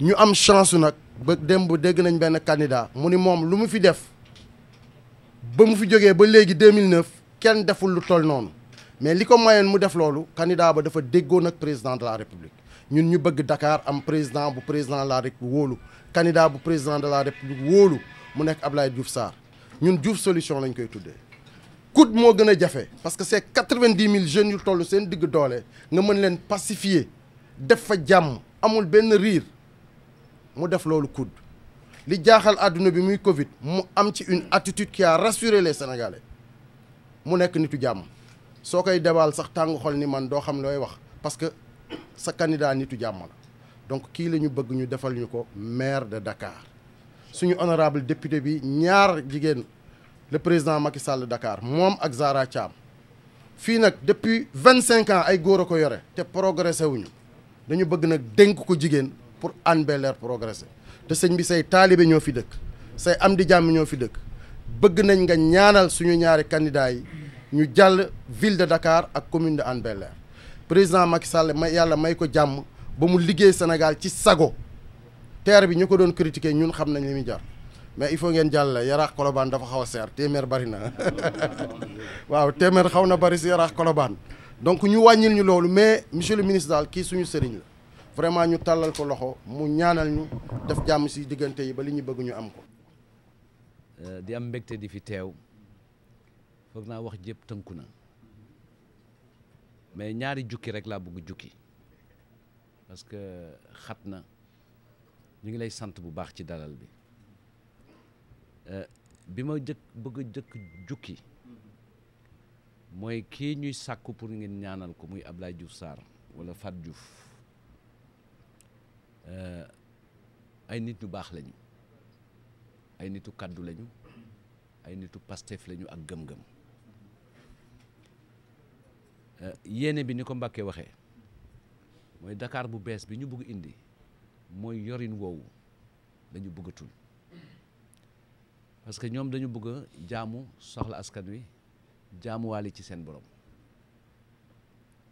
ñu am chance nag ba dem dégg nañ benn candidat mu ni moom lu mu fi def ba mu fi jógee ba léegi 2009 kenn deful lu toll noonu mais li ko mayoon mu def loolu candidat ba dafa déggoon ak président de la république ñun ñu bëgg Dakar am président bu président de la république wóolu candidat bu président de la république wóolu mu nekk Ablaye Diouf Sarr ñun Diouf solution lañ koy tuddee. coût moo gën a jafe parce que c'est quatre-vingt-dix mille jeunes yu tollu seen digg doole nga mën leen pacifier def fa jàmm amul benn riir. mu def loolu coude li jaaxal àdduna bi muy Covid mu am ci une attitude qui a rassuré les Sénégalais mu nekk nitu jàmm soo koy debaal sax tàng xol ni man doo xam looy wax parce que sa candidat nitu jàmm la donc kii la ñu bëgg ñu defal ñu ko maire de Dakar suñu honorable député bi ñaar jigéen le président Macky Sall Dakar moom ak Zahra Thiam fii nag depuis vingt cinq ans ay góor a ko yore te progressé wuñu dañu bëgg nag dénk ko jigéen pour Hann bel progresser te sëñ bi say taalibe ñoo fi dëkk say am di jàmm ñoo fi dëkk bëgg nañ nga ñaanal suñu ñaari candidats yi ñu jàll ville de Dakar ak commune de Hann bel président Macky Sall may yàlla may ko jàmm ba mu liggéey Sénégal ci sago terre bi ñu ko doon critiquer ñun xam nañ li muy jar mais il faut ngeen jàll yaraax kolobaan dafa xaw a seer téeméer bari naa waaw téeméer xaw na bari si yaraax kolobaan donc ñu wàññil ñu loolu mais monsieur le ministre daal kii suñu sëriñ la vraiment ñu tàllal ko loxo mu ñaanal ñu def jàmm si diggante yi ba li ñu bëgg ñu am ko. Euh, di am mbégte di fi teew foog naa wax jëpp tënku na mais ñaari jukki rek laa bëgg jukki parce que xat na ñu ngi lay sant bu baax ci dalal bi euh, bi ma jëkk bëgg jëkk jukki mooy kii ñuy sàkku pour ñu ngeen ñaanal ko muy Ablaye Diouf Sarr wala Fat Diouf. Euh, ay nit ñu baax lañu ay nitu kàddu lañu ay nitu Pastef lañu ak gëm-gëm euh, yéene bi ni ko Mbàkke waxee mooy Dakar bu bees bi ñu bugg indi mooy yorin woowu dañu bëggatul parce que ñoom dañu bëgg a jaamu soxla askan wi jaamuwaale ci seen borom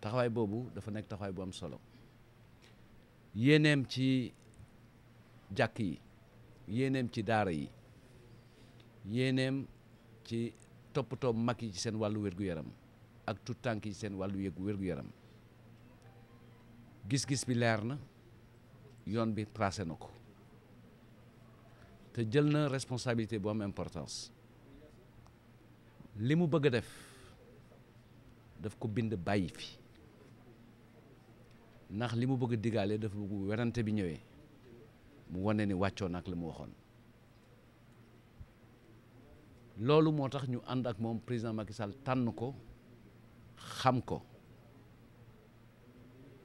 taxawaay boobu dafa nekk taxawaay bu am solo. yéeneem ci jàkk yi yéeneem ci daara yi yéeneem ci toppatoo mag yi ci seen wàllu wér-gu-yaram ak tout tànk yi ci seen wàllu yëg wér-gu-yaram gis-gis bi leer na yoon bi tracé na ko te jël na responsabilité bu am importance li mu bëgg a def daf ko bind bàyyi fi ndax li mu bëgg a digaale dafa bu werante bi ñëwee mu wane ni wàccoon ak li mu waxoon loolu moo tax ñu ànd ak moom président Macky Sall tànn ko xam ko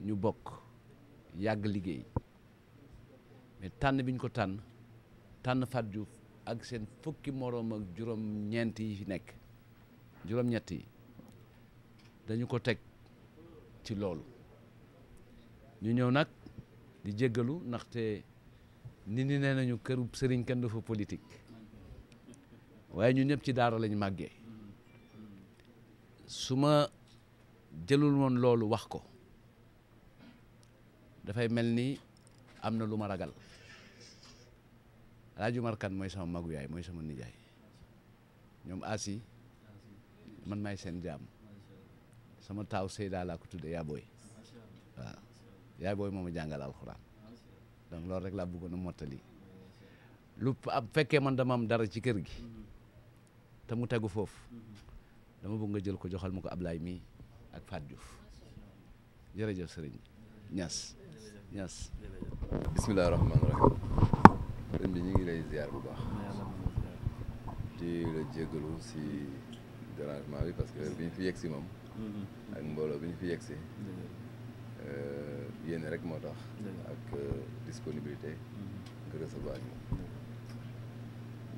ñu bokk yàgg liggéey mais tànn bi ñu ko tànn tànn Fatou Diouf ak seen fukki moroom ak juróom-ñeent yi fi nekk juróom-ñett yi dañu ko teg ci loolu ñu ñëw nag di jéggalu ndaxte nit ñi ne nañu këru sëriñ kenn dafa politique waaye ñu ñëpp ci daara lañu màggee su ma jëlul woon loolu wax ko dafay mel ni am na lu ma ragal Alaaji Umar mooy sama magu yaay mooy sama nijaay ñoom asi man maay seen jaam sama taaw Seydaa laa ko tudde yaa booy yaa gooy moom a jàngal alxuraan donc loolu rek laa bëggoon na mottali lu ab fekkee man dama am dara ci kër gi te mu tegu foofu dama bëgg nga jël ko joxal ma ko Ablaye mii ak Fat Diouf jërëjëf sëriñ Niass ñas bismillahi rahmaani rahim sëñ bi ñu ngi lay ziar bu baax di la jéggalu si dérangement bi parce que bi ñu fi yegsi moom ak mbooloo bi ñu fi yegsi Euh, yéene rek moo tax. ak euh, disponibilité. nga recevoir ñu.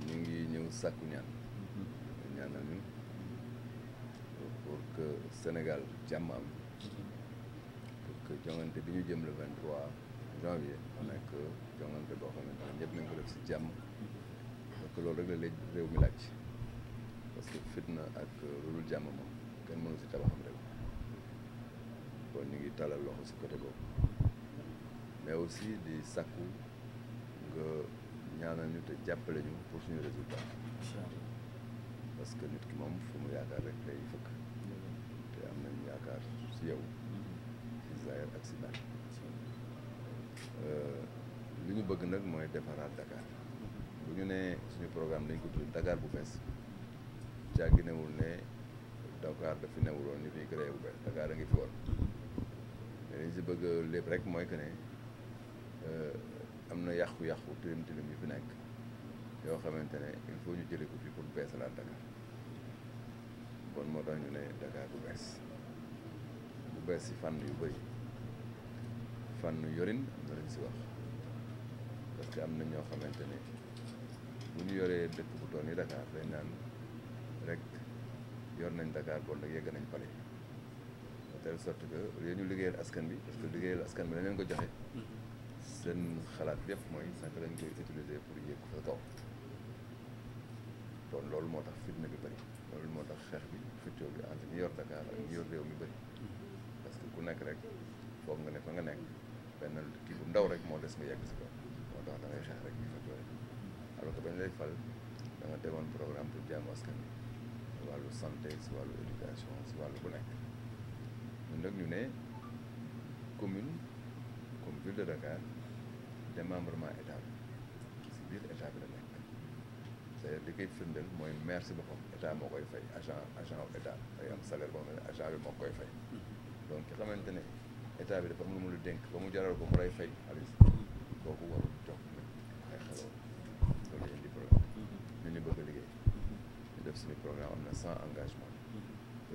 ñu ngi ñëw sàkku ñaan. Mm-hmm. ñaanal ñu pour que Sénégal jàmm am. Mm-hmm. pour que joŋante bi ñu jëm le 23 janvier. mu nekk joŋante boo xamante ne ñëpp nañ ko def si jàmm. parce mm-hmm. que loolu rek la léegi réew mi laaj. parce fitna ak loolu euh, jàmm moom kenn mënu si tabaxam rek. kon ñu ngi talal loxo si côté boobu mais aussi di sakku nga ñaanal ñu te jàppale ñu pour suñu résultat parce que nit ki moom fu mu yaakaar rek lay fëkk te am nañ yaakaar si yow si Zaïre ak si euh, li ñu bëgg nag mooy defaraat Dakar bu ñu nee suñu programme dañ ko tudd Dakar bu bees càgginewul ne Dakar dafi newuloon ñu fiy créé bu bees Dakar a ngi fi woon dañ si bëgg lépp rek mooy que ne euh, am na yàqu-yàqu tilim tilim yu fi nekk yoo xamante ne il faut ñu jëlee ko fii pour beesalaat Dakar kon moo tax ne Dakar bu bees bu bees si fànn yu bëri fànn yorin am na lañ si wax parce am na ñoo xamante ne bu ñu yoree dëkk bu toll Dakar dañ naan rek yor nañ Dakar bon nag yegg nañ pale telle sorte que yooyu ñu liggéeyal askan bi parce que mm-hmm. liggéeyal askan bi dañ leen ko joxe mm-hmm. seen xalaat yëpp mooy naka lañ koy utiliser pour yéeg sa kaw kon loolu moo tax fitna bi bëri loolu moo tax xeex bi xëccoo bi entre ñi yor Dakar ak yor réew mi bëri mm-hmm. parce que ku nekk rek foog nga ne fa nga nekk benn kii bu ndaw rek moo des nga yegg si kaw moo tax da xeex rek ñu xëccoo rek alors bañ lay fal da nga tegoon programme pour jàmm askan bi si wàllu santé si wàllu éducation si wàllu bu nekk ñun ñu ne commune comme ville de Dakar démembrement état bi si biir état bi la nekk cest à li koy firndeel mooy maire si boppam état moo koy fay agent agent wu état bi koy fay donc xamante ne état bi dafa am lu mu la dénk ba mu jaral ko mu lay fay xaalis kooku warul jox ay xeloo loolu indi problème mm-hmm. ñu ni bëgg liggéey ñu def suñu programme am na sans engagement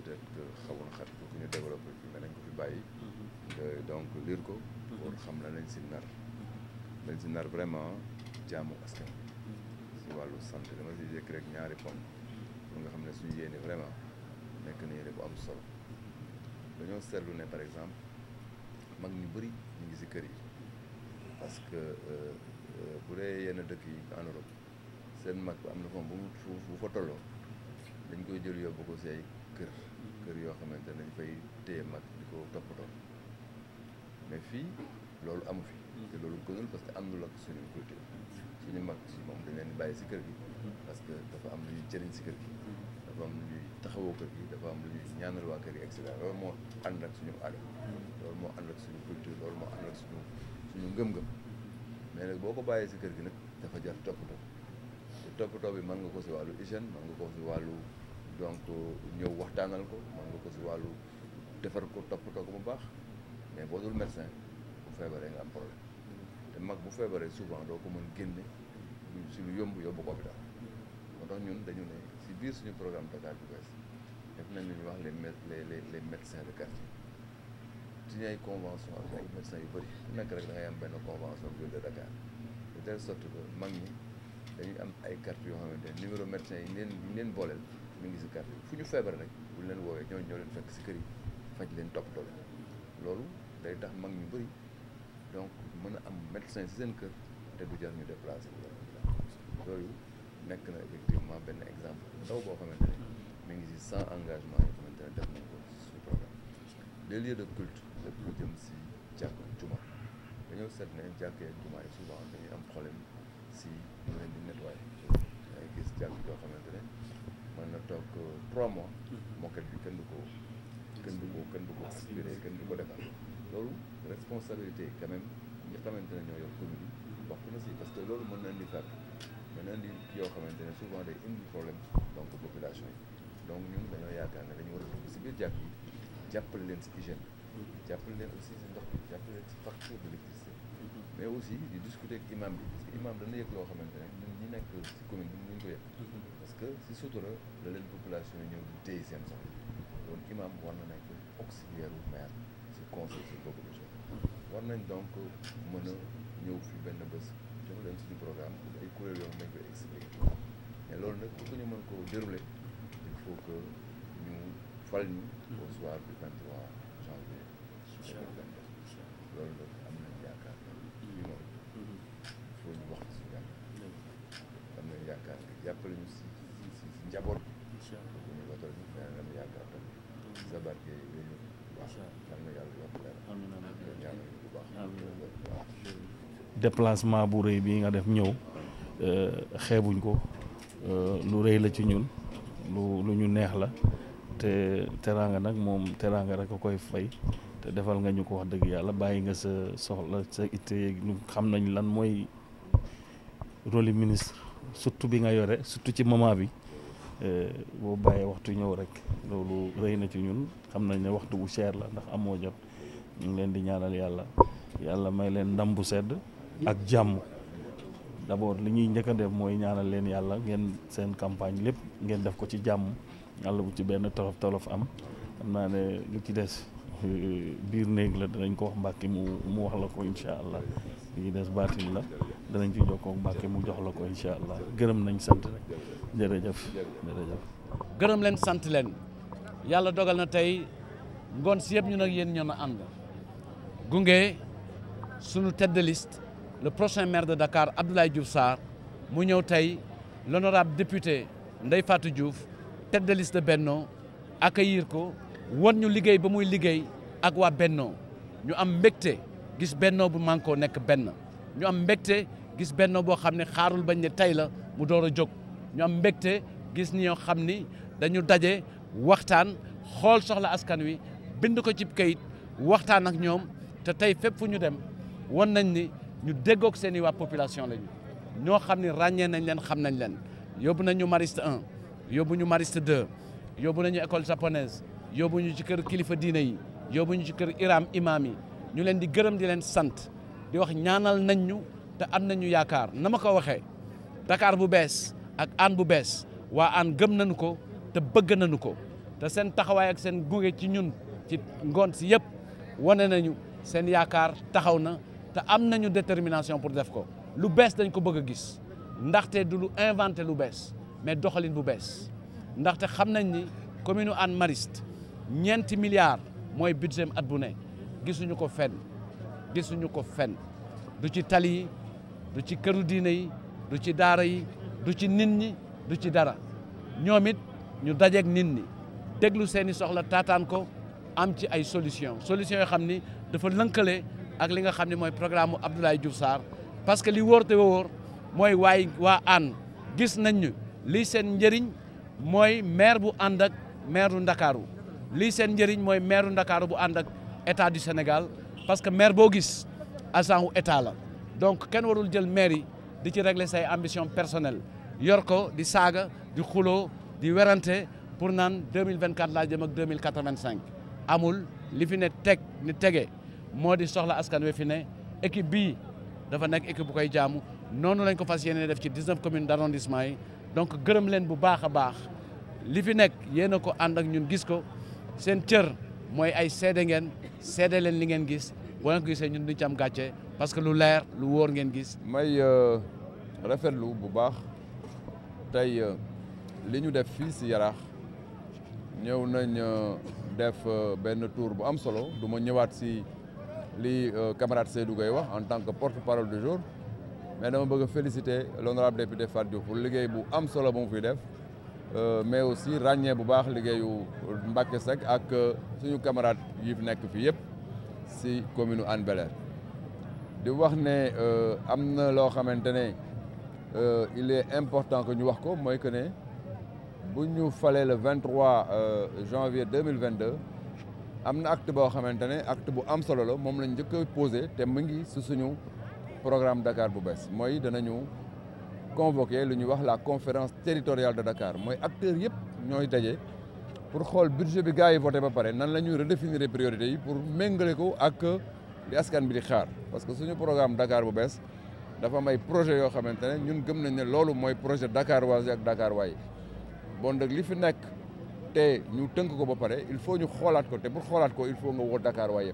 peut-être que euh, xawoon xat pour que ñu développé fi nga nañ ko fi bàyyi mhm. euh, donc liir ko mhm. pour xam la lañ si nar mhm. lañ si nar vraiment jaamu askan si wàllu santé dama si jëkk rek ñaari poñ pour nga xam ne suñu yéene vraiment nekk na yéene bu am solo dañoo seetlu ne par exemple mag ñu bëri ñu ngi si kër yi parce que euh, bu dee yenn dëkk yi en Europe seen mag am na foofu bu fa tolloo dañ koy jël yóbbu ko si kër kër yoo xamante ne dañ fay téye di ko toppatoo fii loolu amu fi. Mm. te loolu gënul parce que àndul ak suñu culture. suñu mag si moom dañ leen di bàyyi si kër gi. Mm. parce que dafa am lu ñuy si kër gi. Mm. kër gi dafa am lu ñuy kër gi et moo ànd ak suñu aada. loolu moo moo ànd ak suñu suñu mais nag boo ko bàyyee si kër gi nag dafa jar toppatoo te toppatoo bi mën nga ko si wàllu hygiène mën nga ko si wàllu. donc ñëw waxtaanal ko mën nga ko si wàllu defar ko toppatoo ko bu baax mais boo dul médecin bu feebaree nga am problème te mag bu feebaree souvent doo ko mën génne si lu yomb yóbbu ko hôpital moo tax ñun dañu ne si biir suñu programme Dakar bu bees def nañ lu ñuy wax les les les médecins de quartier suñu ay convention ak ay médecins yu bëri ku rek da am benn convention ville de Dakar de telle sorte mag ñi dañuy am ay carte yoo xamante ne numéro médecin yi leen leen booleel mi ngi si carte fu ñu feebar rek buñ leen woowee ñoo ñoo leen fekk si kër yi faj leen toppatoo leen loolu day tax mag ñu bëri donc mën a am médecin si seen kër te du jar ñu déplacé nekk na effectivement benn exemple ndaw boo xamante ne mi ngi si sans engagement yoo xamante ne def nañ ko suñu programme les lieux de culte lépp lu jëm si jàkk juma dañoo seet ne jàkk ak juma yi souvent dañuy am problème si ñu leen di nettoyer dangay gis jàkk joo xamante ne man na toog euh, trois mois. Mm-hmm. moket bi kenn du ko kenn du ko kenn du ko aspiré kenn du ko defar loolu responsabilité quand même ñi xamante ne ñoo yor commune yi bokk na si parce que loolu mën na indi fàq mën na indi yoo xamante ne souvent day indi problème donc population yi donc ñun dañoo yaakaar ne dañu war a si biir jàpp yi jàppale leen si hygiène mm-hmm. jàppale leen aussi si ndox bi jàppale leen ci facture de mais aussi di discuter ak imam bi parce que imam dana yëg loo xamante ne ñun ñi nekk si commune bi mënuñ ko yëg mm-hmm. parce que si sutura la leen population yi ñëw di téy seen soxla kon imam war na nekk u maire si conseil si boobu nañ donc mën ñëw fi benn bés jox leen suñu programme ay yoo xam nañ mais loolu nag pour que ñu mën ko dérouler il faut que ñu fal ñu au soir du 23 janvier loolu nag am a tam. sa barke yi ñu bu déplacement bu rëy bii nga def ñëw euh, xeebuñ ko euh, lu rëy la ci ñun lu lu ñu neex la te teraanga nag moom teraanga rek a koy fay. te defal nga ñu ko wax dëgg yàlla bàyyi nga sa soxla sa itte xam nañ lan mooy rôle ministre surtout bi nga yore surtout ci moment bi euh, boo bàyyee waxtu ñëw rek loolu rëy na ci ñun xam nañ ne waxtu bu cher la ndax amoo jot ñu ngi leen di ñaanal yàlla yàlla may leen ndam bu sedd ak jàmm d'abord li ñuy njëkk def mooy ñaanal leen yàlla ngeen seen campagne lépp ngeen def ko ci jàmm yàlla bu ci benn tolof tolof am xam naa ne li ci des euh, biir néeg la dinañ ko wax mbàkki mu mu wax la ko incha allah li ci des baatin la danañ ci jokkoo Mbàkke mu la ko incha allah gërëm nañ sant rek gërëm leen sant leen yàlla dogal na tey ngoon yëpp ñun ak yéen ñoo na sunu tête de liste le prochain maire de Dakar Abdoulaye Diouf Sarr mu ñëw tey l'honorable député Ndeye Fatou Diouf tête de liste de Benno ko won ñu liggéey ba muy liggéey ak waa Benno ñu am mbégte gis Benno bu mànkoo nekk benn ñu am mbégte gis benn boo xam ne xaarul bañ ne tey la mu door a jóg ñu am mbégte gis ñoo xam ni dañu daje waxtaan xool soxla askan wi bind ko cib kayit waxtaan ak ñoom te tey fépp fu ñu dem wan nañ ni ñu déggook seen i waa population lañu ñoo xam ne ràññee nañ leen xam nañ leen yóbbu nañu Mariste en yóbbu ñu Mariste 2 yóbbu nañu école japonaise yóbbu ñu ci kër kilifa diina yi yóbbu ñu ci kër iram imam yi ñu leen di gërëm di leen sant di wax ñaanal nañ te am nañu yaakaar na ma ko waxee Dakar bu bees ak aan bu bees waa aan gëm nañu ko te bëgg nañu ko te seen taxawaay ak seen gunge ci ñun ci ngoon si yëpp wane nañu seen yaakaar taxaw na te am nañu détermination pour def ko lu bees dañ ko bëgg a gis ndaxte du lu inventé lu bees mais doxalin bu bees ndaxte xam nañ ni commune u Hann ñeenti milliards mooy budget at bu ne gisuñu ko fen gisuñu ko fen du ci tali du ci këru diine yi du ci daara yi du ci nit ñi du ci dara ñoom it ñu dajeeg nit ñi déglu seeni soxla taataan ko am ci ay solution solution yoo xam ni dafa lënkale ak li nga xam ne mooy programme Abdoulaye Diouf Sarr parce que li wóorte te wóor mooy waay waa ànd gis nañ ñu lii seen njëriñ mooy maire bu ànd ak maire du Ndakaaru lii seen njëriñ mooy maire du Ndakaaru bu ànd ak état du Sénégal parce que maire boo gis agent wu état la donc kenn warul jël maire yi di ci régler say ambition personnelle yor ko di saaga di xuloo di werante pour naan 2024 laa jëm ak 2085 amul li fi ne teg ni tege moo di soxla askan wi fi ne équipe bii dafa nekk équipe bu koy jaamu noonu lañ ko fas yéene def ci 19 communes d'arrondissement yi donc gërëm leen bu baax a baax li fi nekk yéen a ko ànd ak ñun gis ko seen cër mooy ay seede ngeen seede leen li ngeen gis boo leen gisee ñun di ci am gàcce parce que lu leer lu wóor ngeen gis. may euh, rafetlu bu baax tey euh, li ñu def fii si yaraax ñëw nañ euh, def benn tour bu am solo duma ñëwaat si li camarade Seydou Gueye wax en tant que porte-parole du jour mais dama bëgg a féliciter l'honorable député Fatou Diouf pour liggéey bu am solo bu mu fiy def. mais aussi ràññee bu baax liggéeyu Mbacké Seck ak suñu camarade yi fi nekk fii yëpp si commune Hann bel di wax ne euh, am na loo xamante ne euh, il est important que ñu wax ko mooy que ne bu ñu falee le 23 euh, janvier 2022 am na acte boo xamante ne acte bu am solo la moom lañ njëkk a posé te mu ngi su suñu programme Dakar bu bees mooy dana danañu convoqué lu ñuy wax la conférence teritoriale de Dakar mooy acteur yëpp ñooy daje pour xool budget bi gars yi voté ba pare nan la ñuy redéfinir priorités yi pour méngale ko ak li askan bi di xaar. parce que suñu programme Dakar bu bees dafa am ay projet yoo xamante ne ñun gëm nañ ne loolu mooy projet Dakar waas ak Dakar waay bon nag li fi nekk te ñu tënk ko ba pare il faut ñu xoolaat ko te pour xoolaat ko il faut nga woo Dakar waay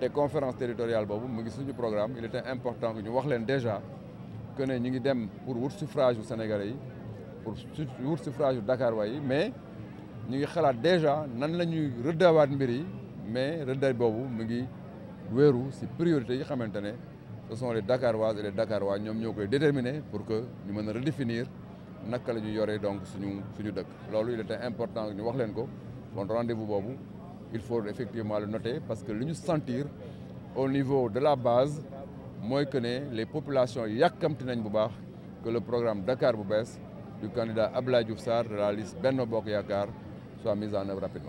te conférence territoriale boobu mu ngi suñu programme il était important que ñu wax leen déjà que ne ñu ngi dem pour wut suffrage yu Sénégalais yi pour wut suffrage yu Dakar waay mais ñu ngi xalaat déjà nan la ñuy rëddawaat mbir yi mais rëddaay boobu mu ngi weeru si priorité yi xamante ne ce sont les Dakaroises et les ñoom ñoo koy déterminer pour que ñu mën a redéfinir naka la ñu yoree donc suñu suñu dëkk. loolu il était important ñu wax leen ko bon rendez-vous boobu il faut effectivement le noter parce que lu ñu sentir au niveau de la base mooy que ne les populations yàkkamti nañ bu baax que le programme Dakar bu bees du ab Abdoulaye Diouf Sarr de la liste benn Bokk Yaakaar soit mis en œuvre rapidement